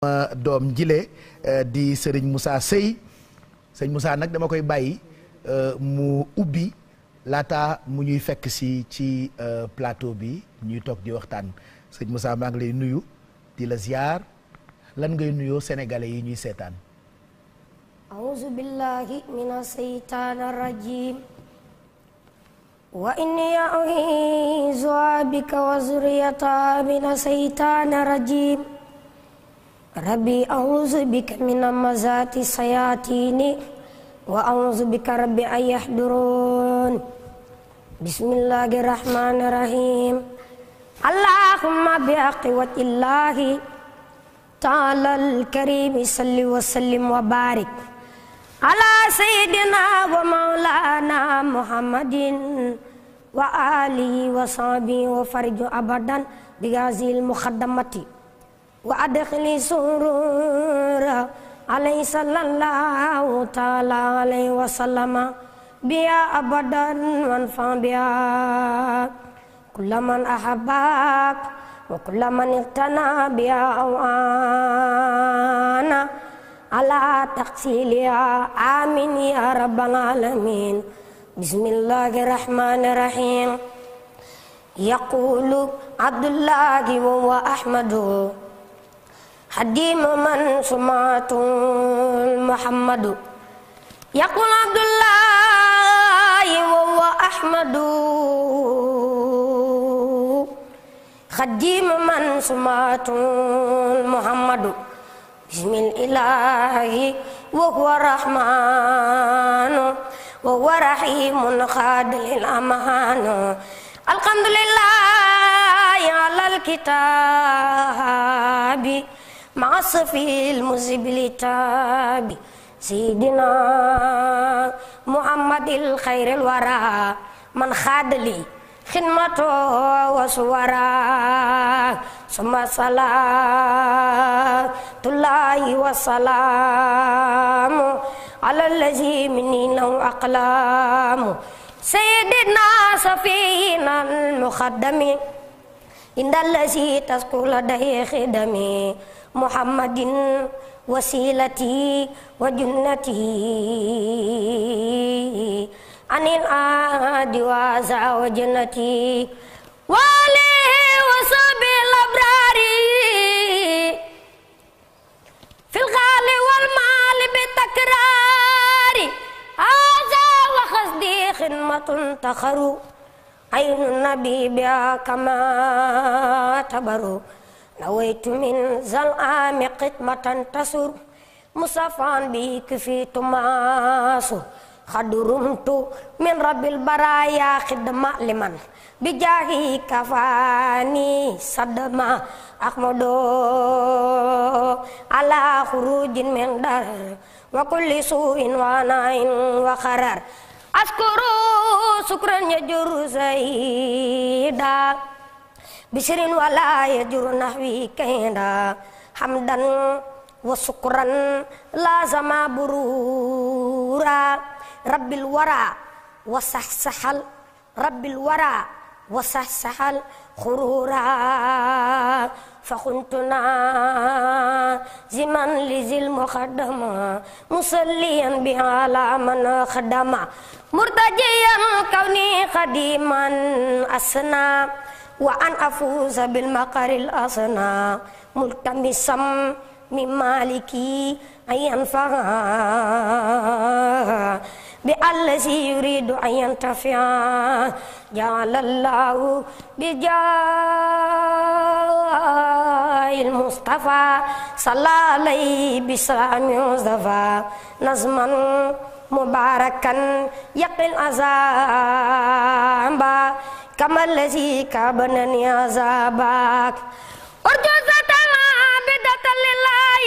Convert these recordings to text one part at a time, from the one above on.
ma doom jile eh, di sering Moussa Sey sering Moussa anak dama koy bàyyi eh, mu ubi lata mu ñuy fekk si ci eh, plateau bi ñuy tok di waxtaan sëriñ Moussa maa ngi nuyu di la ziar lan ngay nuyoo sénégalais yi ñuy seetaan auzu billahi mina seytaani rajim wa inni u'iizuha bika wa zurriyataha mina seytaani rajim ربي أعوذ بك من مزات الشياطين وأعوذ بك ربي أن يحضرون بسم الله الرحمن الرحيم اللهم بقوة الله تعالى الكريم صل وسلم وبارك على سيدنا ومولانا محمد وآله وصحبه وفرج أبدا بهذه المخدمة وأدخلي سرورا عليه صلى الله تعالى عليه وسلم بها أبدا وانفع بيا كل من أحبك وكل من اقتنى بها أو أنا على يا آمين يا رب العالمين بسم الله الرحمن الرحيم يقول عبد الله وهو أحمد حديم من سمعت محمد يقول عبد الله وهو أحمد خديم من سمعت محمد بسم الإله وهو رحمن وهو رحيم خاد للأمان الحمد لله على الكتاب مع صفي المذهب لتابي سيدنا محمد الخير الورى من خادلي خدمته وصورا ثم صلاة الله والسلام على الذي مني له أقلام سيدنا سفينا المخدم عند الذي تسكو لديه خدمي محمد وسيلتي وجنتي عن الآد واسع وجنتي وعليه وصحب الأبرار في الغال والمال بتكرار هذا وخزدي خدمة تخر عين النبي بها كما تبرو نويت من ذا العام قدمة تسر مصافا بك في تماسر قد رمت من رب البرايا خدمة لمن بجاهي كفاني صدمة أحمد على خروج من دار وكل سوء وناء وخرر أشكر شكرا يجر زيدا بشر ولا يجر نحوي كيدا حمدا وشكرا لازم برورا رب الورى وصحصحل رب الورى وصحصحل خرورا فخنتنا زمن لذي المخدمة مصليا بعلى من خدمة مرتجيا كوني خديما أسنا وأن أفوز بالمقر الأصنع ملتمسا من مالكي أن ينفع بالذي يريد أن ينتفع جعل الله بجاه المصطفى صلى عليه بسلام يوسف نظما مباركا يقي الأذى كما الذي كابنني عذابك أرجو ستنا عابدة لله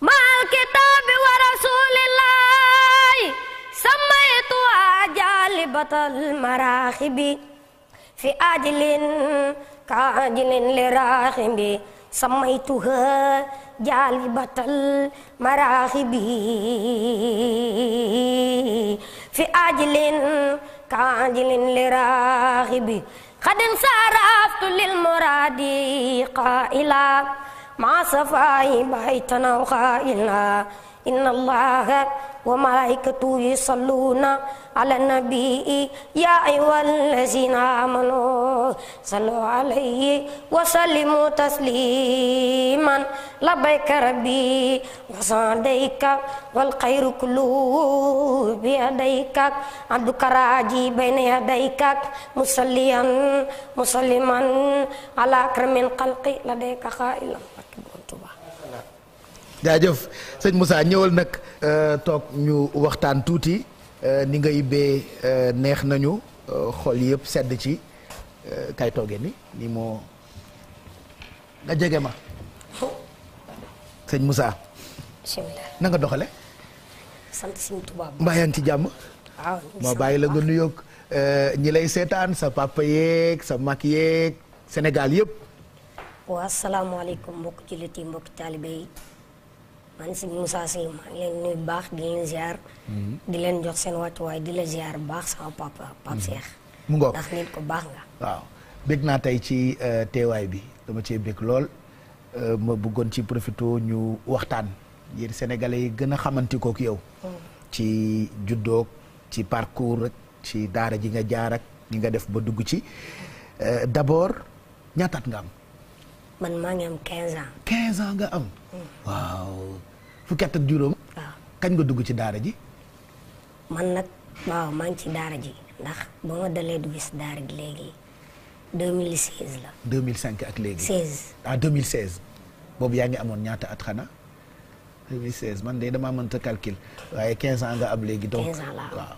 مع الكتاب ورسول الله سميت جالبة المراخب في أجل كأجل لراخب سميتها جالبة المراخب في عجل كعجل لراغب قد انصرفت للمراد قائلا مع صفاي بيتنا وخائلا إن الله وملائكته يصلون على النبي يا أيها الذين آمنوا صلوا عليه وسلموا تسليما لبيك ربي wa والخير كله بيديك عبدك راجي بين يديك مصليا مسلما على أكرم الخلق لديك خائلا jaajëf sëñ Moussa ñëwal nag toog ñu waxtaan tuuti ni nga yibbee neex nañu xol nanyu sedd ci Eh, kay toogee ni ni moo nga jégué ma señ Moussa bismillah nga doxale sante señ touba mbayanti yaa ah, mo baye la gënu yok ñi eh, lay sétane sa papa yek sa mak yek Sénégal yëpp waa asalaamaaleykum mbokk jullit yi mbokk taalibe yi man señ Moussa sey ma ngi leen nuy bax di leen ziar mm-hmm. di leen jox seen wàccuwaay di la ziar bax sa papa Pape mm-hmm. Cheikh mu ngoog ndax nit ko baax nga. waaw bég naa tey ci euh, teewaay bi dama cee bég lool euh, ma bëggoon ci profité ñu waxtaan yéen sénégalais yi gën a xamante yow. Mm. ci juddoog ci parcours ci daara ji nga jaar ak ñi nga def ba dugg ci euh, d'abord ñaataat nga am. man maa ngi am 15 ans. 15 ans nga am. Mm. waaw fukki at ak juróom. kañ nga dugg ci daara ji. man waaw ci daara ji. ndax ba ma dalee dugg si daara gi léegi 2016 la. 2005 ak léegi. 16 ah boobu yaa ngi amoon ñaata at xanaa. man de damaa mënta calcul waaye quinze ans nga ab léegi. donc 15 la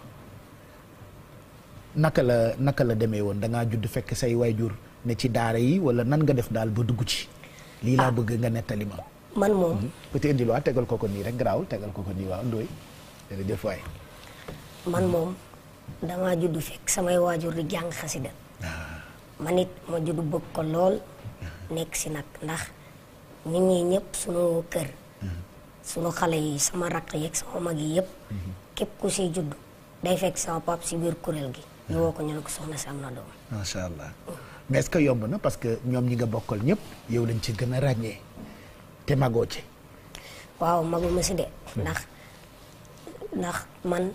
naka la naka la demee woon da ngaa judd fekk say waajur ne ci daara yi wala nan nga def daal ba dugg ci. lii laa ah. bëgg nga nettali ma. man moom. Hmm? peut être indiluwaat ah, tegal ko ko nii rek garaawul tegal ko ko nii waaw Ndoye jërëjëf waay. man moom. damaa judd fekk samay waajur di jàng xasida ah. manit it ma judd bëgg ko lool ah. nekk si nak ndax nit ñi ñëpp sunu kër ah. sunu xale yi sama rakk yeeg sama mag yi yëpp mm-hmm. képp ku siy judd day fekk sama pap si biir kuréel gi ñu woo ko ñu ne ko soxna si am na doom macha allah mm. mais est-ce que yomb na parce que ñoom ñi nga bokkal ñëpp yow lañ ci gën a ràññee te magoo ci waaw maguma si mm. ndax ndax man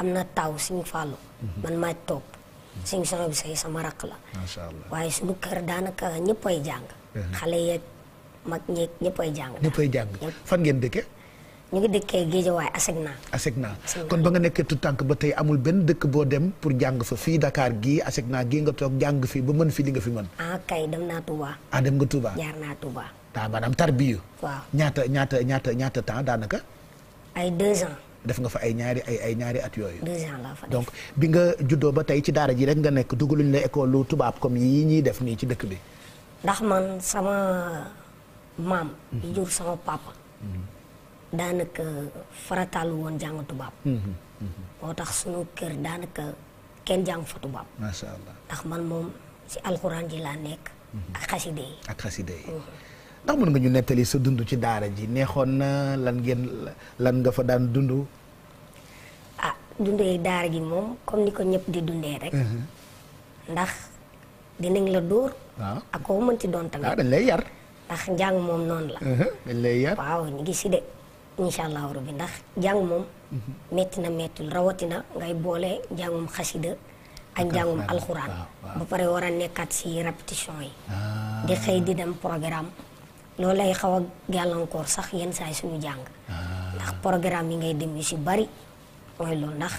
am na taaw Sëñ Fàllu mhm. man maa toog Sëñ Soxna bi sama rakk la waaye suñu kër daanaka ñëpp ay jàng mhm. xale yeeg mag ñeeg ñëpp ay jàng ñëpp ay jàng fan ngeen dëkkee ñu ngi dëkkee Géejawaay Asegna Asegna kon ba nga nekkee tu ba tey amul benn dëkk boo dem pour jàng fa fii dakaar gii Asegna gii nga toog jàng fi ba mën fi li nga fi man ah kay dem naa Touba ah dem nga Touba jaar naa Touba daa ah, maanaam tarbiyu waaw ñaata ñaata ñaata ñaata temps daanaka ay deux def nga fa ay ñaari ay ay ñaari at yooyu. donc bi nga juddoo ba tey ci daara ji rek nga nekk dugaluñ la école tubaab comme yii ñuy def nii ci dëkk bi. ndax man sama maam. Mhm. jur sama papa. Mhm. daanaka farataalu woon jàng tubaab. Mhm. moo tax sunu kër daanaka kenn jàng fa tubaab. macha allah ndax man moom ci alxuraan ji laa nekk. ak xaside ak xaside yi. ndax mën nga ñu nettali sa dund ci daara ji neexoon na lan ngeen lan nga fa daan dund. ah dundee daara ji moom comme ni ko ñëpp di dundee rek. Mhm. ndax dinañ la dóor. waaw ah. ak koo mënti doon tamit. waaw ah, dañ lay yar. ndax njàng moom noonu la. Mhm, dañ lay yar waaw ñu ngi si de incha allah rabbi ndax njàng moom. Mhm. metti na mettul rawatina ngay boole njàngum xasida ak njàngum alxuraan. ba pare war a nekkaat si répétition yi. Ah. di xëy di dem programme. loolu lay xaw a gàllankoor sax yenn saay suñu jàng ah. ndax programme yi ngay dem yu si bari mooy loolu ndax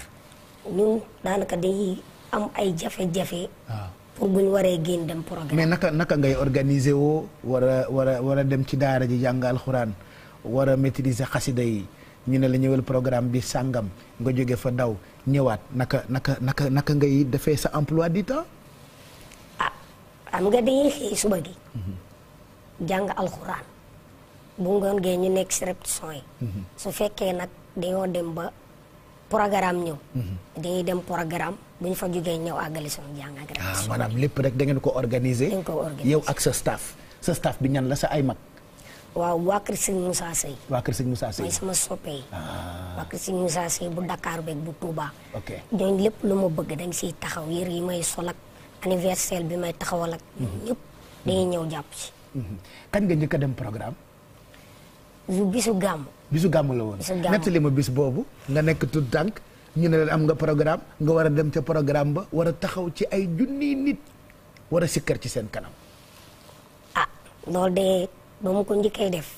ñun daanaka dañuy am ay jafe-jafe ah. pour bu ñu waree génn dem programme mais naka naka ngay organiser woo war a war a dem ci daara ji jàng alxuraan war a maîtriser xasida yi ñu ne la ñëwal programme bi sàngam nga jóge fa daw ñëwaat naka naka naka naka ngay defee sa emploi du temps ah am nga dañuy xëy suba gi mhm. jang alquran bu ngoon ge ñu nek si répétition yi mhm. su fekkee nyu, dañoo dem ba programme ñëw mhm. dañuy dem programme buñ fa juggé ñew àggali suñu jang ak ah manam lepp rek da ngeen ko organiser yow ak sa staff sa staff bi ñan la sa ay mag waaw wa kër seigne Moussa sey wa kër seigne Moussa sey sama soppe ah wa kër seigne Moussa sey bu Dakar beeg bu Touba ok ñoo lepp lu ma bëgg dañ ci taxaw yër yi may solak anniversaire bi may taxawal ak mhm. ñep dañuy ñew japp ci Mhm. kan nga ñëk dem programme. bisu gamu bisu gam la woon. bisu gàmm nettali ma bis bobu nga nek tout tànk ñu ne am nga programme nga wara dem ci programme ba wara taxaw ci ay jooni nit wara sikkar ci seen kanam. ah lol de ba mu ko njëkkee def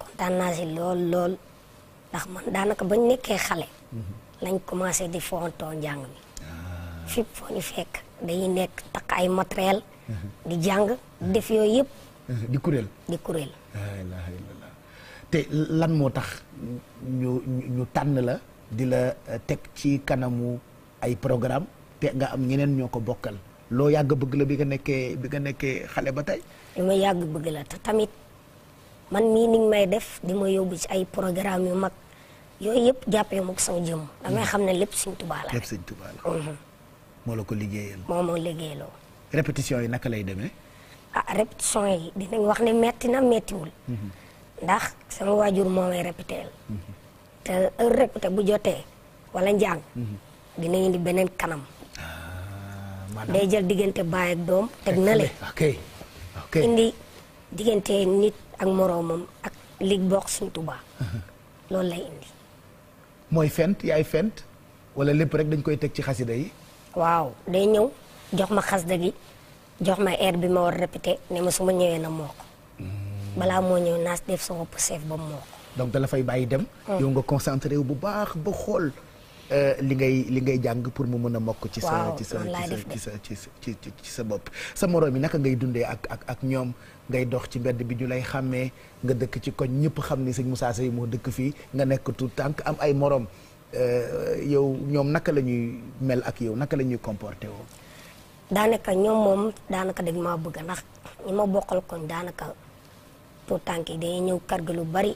kontaan naa si lol lool ndax man daanaka bañ nekké xalé mhm. lañ commencé di fontoo jang mi. Ah. fépp foo ñu fekk dañuy nek takk ay matériel di jang def yoy yep di kurel, di la ilaha illallah te lan motax ñu ñu tan la di la eh, teg ci kanamu ay programme te nga am ñeneen ñoko ko bokkal loo yàgg bëgg la bi nga nekké bi nga nekké xalé ba tay li yag bëgg la ta tamit man mi ni may def di ma ci ay programme yu mag yooyu yëpp jàppee mook sama jëm damay mm-hmm. xam ne lépp Sëñ la. lepp Sëñ touba la. Mm-hmm. mo la ko liggéeyal. mo mo liggéeyaloo. répétition yi naka lay demee. ah répétition yi dinañ wax ne metti na mettiwul. Mhm. ndax sama waajur moo may répéteel. Mhm. te répété bu jotee wala njàng. Mhm. dina indi beneen kanam. Ah, maanaam day jël diggante baay ak doom teg na le. ok ok indi diggante nit ak moroomam ak lig bokk suñ tubaa loolu lay indi. mooy fent yaay fent wala lépp rek dañ koy teg ci xasida yi. waaw day ñëw. jox ma xasida gi jox ma air bi ma war répété ne ma su ma ñëwee na moo ko balaa moo ñëw naas def sama poseef ba moo donc da fay bàyyi dem mm. yow nga concentré wu bu baax ba xool euh, li ngay li ngay jàng pour mu mën a mokk ci sa ci ci sa ci ci sa bopp sa moroom yi naka ngay dundee ak ak ak ñoom ngay dox ci mbedd bi ñu lay xàmmee nga dëkk ci koñ ñëpp xam ni sëñ Moussa Seye moo dëkk fii nga nekk tout tànk am ay moroom euh, yow ñoom naka lañuy mel ak yow naka la ñuy comporté woo daanaka ñoom moom daanaka dañ maa bëgg ndax ñi ma bokkal koñ daanaka tout tànk yi dañuy ñëw kër gi bari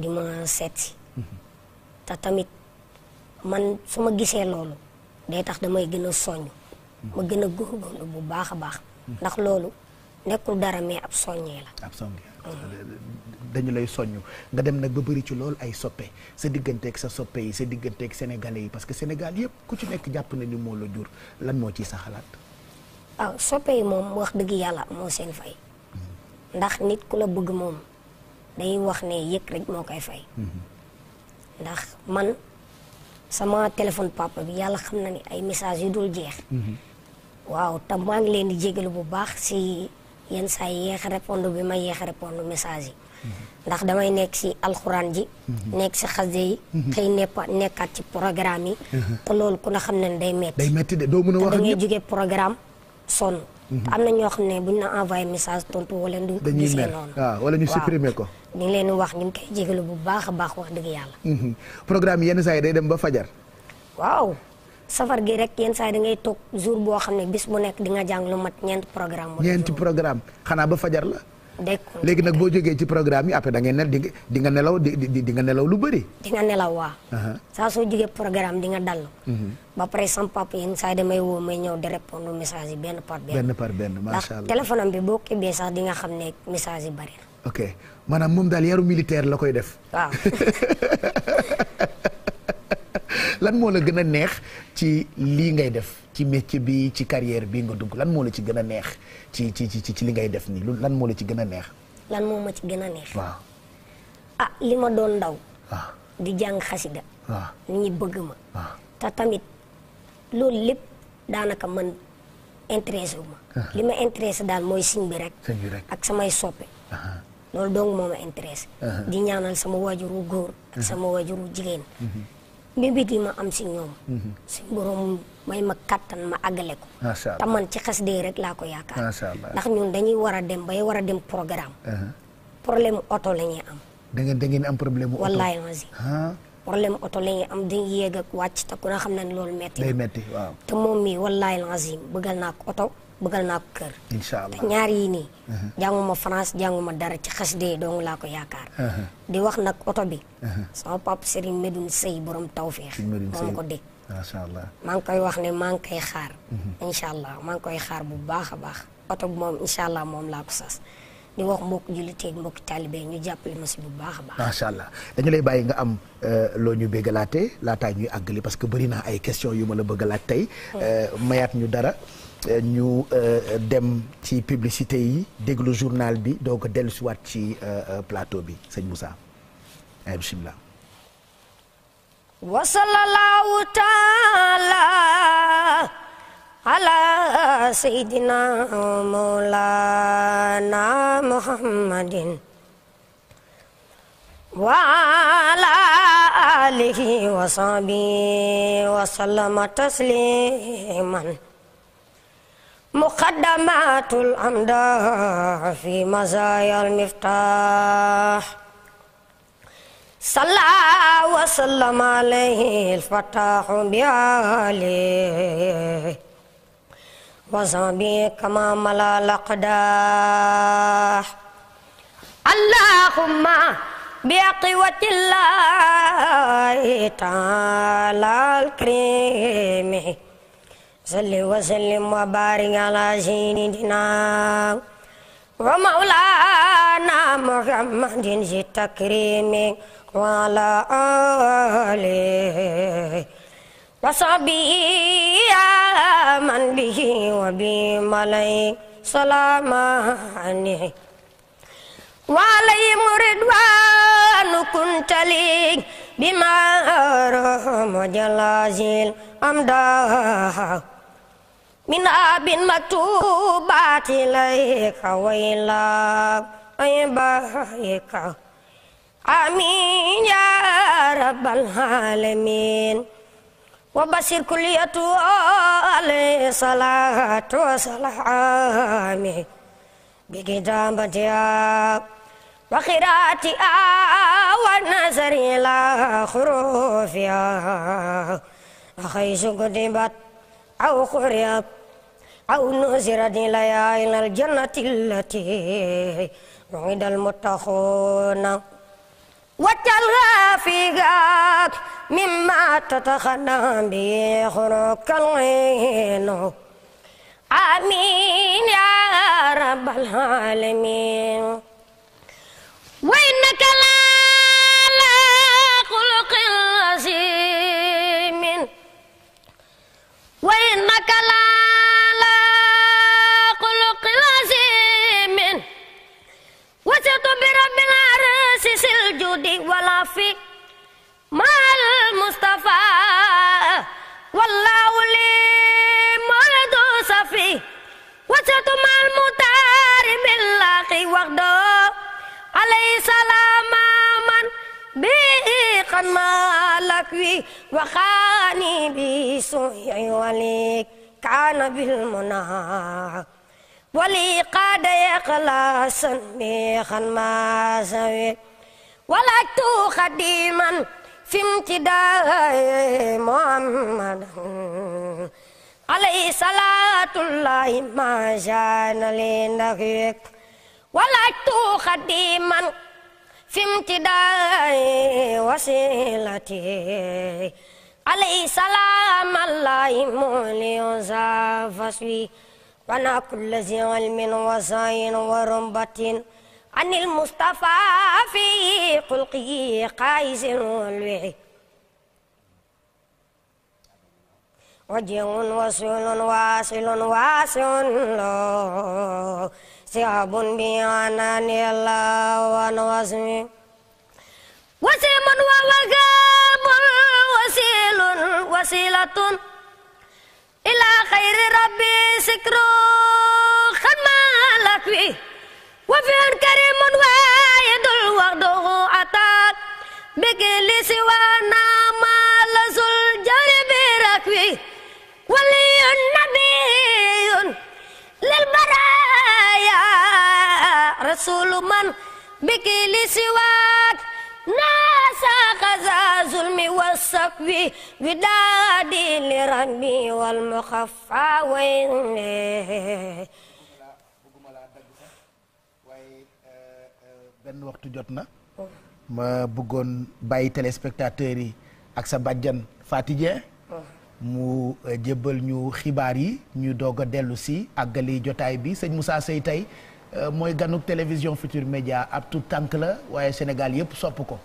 di ma seet si mhm. te tamit man su ma gisee loolu day tax damay gën a soññ mhm. ma gën a góorgóorlu bu baax a baax mhm. ndax loolu nekkul dara mais ab soññee la. ab soññee dañu lay soññ nga dem nag ba bëri ci loolu ay soppe sa digganteeg sa soppe yi sa digganteeg sénégalais yi parce que Sénégal yëpp ku ci nekk jàpp na ni moo la jur lan moo ciy sa xalaat. waaw ah, soppe yi moom wax dëgg yàlla moo seen fay. Mm-hmm. ndax nit ku la bëgg moom day wax ne yëg rek moo koy fay. Mm-hmm. ndax man sama téléphone papa bi yàlla xam na ni ay messages yu dul jeex. Mm-hmm. waaw te maa ngi leen di jégalu bu baax si yenn saa yi yéex a répondre bi ma yéex a message yi ndax damay nekk si alxuraan ji nekk si xasde yi xëy nekkaat ci programme yi te loolu ku ne xam ne day metti day metti de doo mën a wax da ngay mhm. am na ñoo xam ne buñ na envoyé message tontu wala duñ ko gisee noonu waaw ah, wala ñu supprimer ko ñu ngi leen wax ñu ngi koy jégalu bu baax a baax wax dëgg yàlla mhm. programme yi yenn saa yi day dem ba fajar waaw safar gi rek yeen say da ngay tok jour bo xamne bis bu nek di nga jang lu mat ñent programme ñent programme xana ba fajar la léegi nak bo joge ci programme yi après da ngay nel di nga nelaw di di nga nelaw lu beuri di nga nelaw wa sa so joge programme di nga dal mhm. ba pare sam papa yeen say da may wo may ñew di répondre message yi par ben ben par ma sha allah téléphone am bi ke kibee sax di nga xamne message yi bari na ok maanaam moom dal yaru militaire la koy def waaw lan mo la gëna neex ci li ngay def ci métier bi ci carrière bi nga dugg lan mo la ci gëna neex ci ci ci ci li ngay def ni lan mo la ci gëna neex. lan mo ma ci gëna neex. ah li ma doon ndaw. di jang khassida waaw ñi bëgg ma. waaw te tamit lool lepp daanaka man intéressé wu ma. Uh-huh. li intéressé daal moy bi rek. rek ak samay soppe. Uh-huh. lool dong moma intéressé. Uh-huh. di ñaanal sama wajuru goor ak sama mébét yi ma am si ñoom. Mhm. si borom may ma kattan ma àggale ko. macha man ci xas dee rek laa ko yaakaar. macha ndax ñun dañuy war a dem ba war a dem programme. Uh-huh. problème oto la am. da ngeen da am problème mu oto wallaay problème oto la am dañuy yéeg ak wàcc ta ku nga xam na ni metti day metti waaw moom mii wallaay lazim bëggal naa ko oto bëggal naa ko kër. incha allah ñaar yi nii. ma France ma dara ci xasde dong laa ko yaakaar. di wax nag oto bi. sama papa Serigne Medoune Sey borom tawféex. moom ko dégg. macha allah maa ngi koy wax ne maa ngi koy xaar. Mhm. incha allah maa ngi koy xaar bu baax a baax oto bi moom incha allah moom laa ko sas. di wax mbokk jullit mbokk ñu jàppale ma si bu baax a baax. allah dañu lay bàyyi nga am eh, lo ñu béggalaatee laataa ñuy àggali parce que bëri na ay question yu ma la bëgg a laaj ñu hmm. eh, dara. nous euh, euh, dem ci publicité yi le journal bi doog a euh, plateau bi c'est Moussa eh, bismillah wa sallallahu taala muhammadin wa مقدمات الأمداح في مزايا المفتاح صلى وسلم عليه الفتاح بآله وزعبي كما ملا الأقداح اللهم بقوة الله تعالى الكريم صل وسلم وبارك على سيدنا ومولانا محمد في التكريم وعلى آله وصحبه آمن من به وبهم عليه سلام عليه وعليهم رضوان كنت لي بما رحم جل أمداه من آب متوبات إليك ويلا عبائك طيب آمين يا رب العالمين وبشر كلية عليه صلاة وسلام بقدام بقدامتها وخيرات والنظر إلى خروفها أخي شكتبت أو خريط أو نزرت إليها إلى الجنة التي وعد المتخون وتلغى فيك مما تتخلى به خلق العين آمين يا رب العالمين ay waxdo alay salaama man bi qad malak wi waxaani bi suhi walik kana bil muna wali qada ikhlasan bi khan masawi walaktu khadiman fim tidak Muhammad alay salatullahi ma ما ولجت خديما في امتداء وسيلتي عليه سلام الله مولي وزافسوي وانا كل ذي علم وزاين ورمبت عن المصطفى في قلقي قايز والوعي وجه وصول واصل واسع sihabun bi nila wa nawasmi wasimun wasilun wasilatun ila khairi rabbi sikru khamalakwi wa karimun wa yadul waqduhu atat bikili siwana. بسواك ناسخ ذا ظلم والسكب ودادي لربي والمخفى وين benn waxtu jot na ma bëggoon bàyyi téléspectateurs yi ak sa bàjjan fatije mu jébbal ñu xibaar yi ñu doog a dellu si àggali jotaay bi sëñ Moussa Seye tey Euh, moy ganuk télévision Futur Média ab tout tank la waye Sénégal yëpp sop ko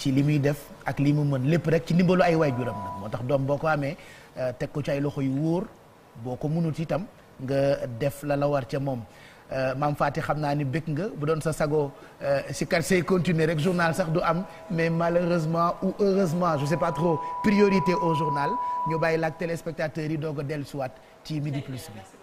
ci li def ak limu mu mën lépp rek ci ndimbalu ay waajuram nag motax dom boko amé ko euh, ko ci ay loxo yu wóor boo itam nga def la la war ci mom euh, maam Faty xam naa ni bekk nga bu doon sa sago ci kar continuer rek journal sax du am mais malheureusement ou heureusement je sais pas trop priorité au journal ñu bàyyi laak téléspectateurs yi dogo a dellusiwaat ci midi plus bi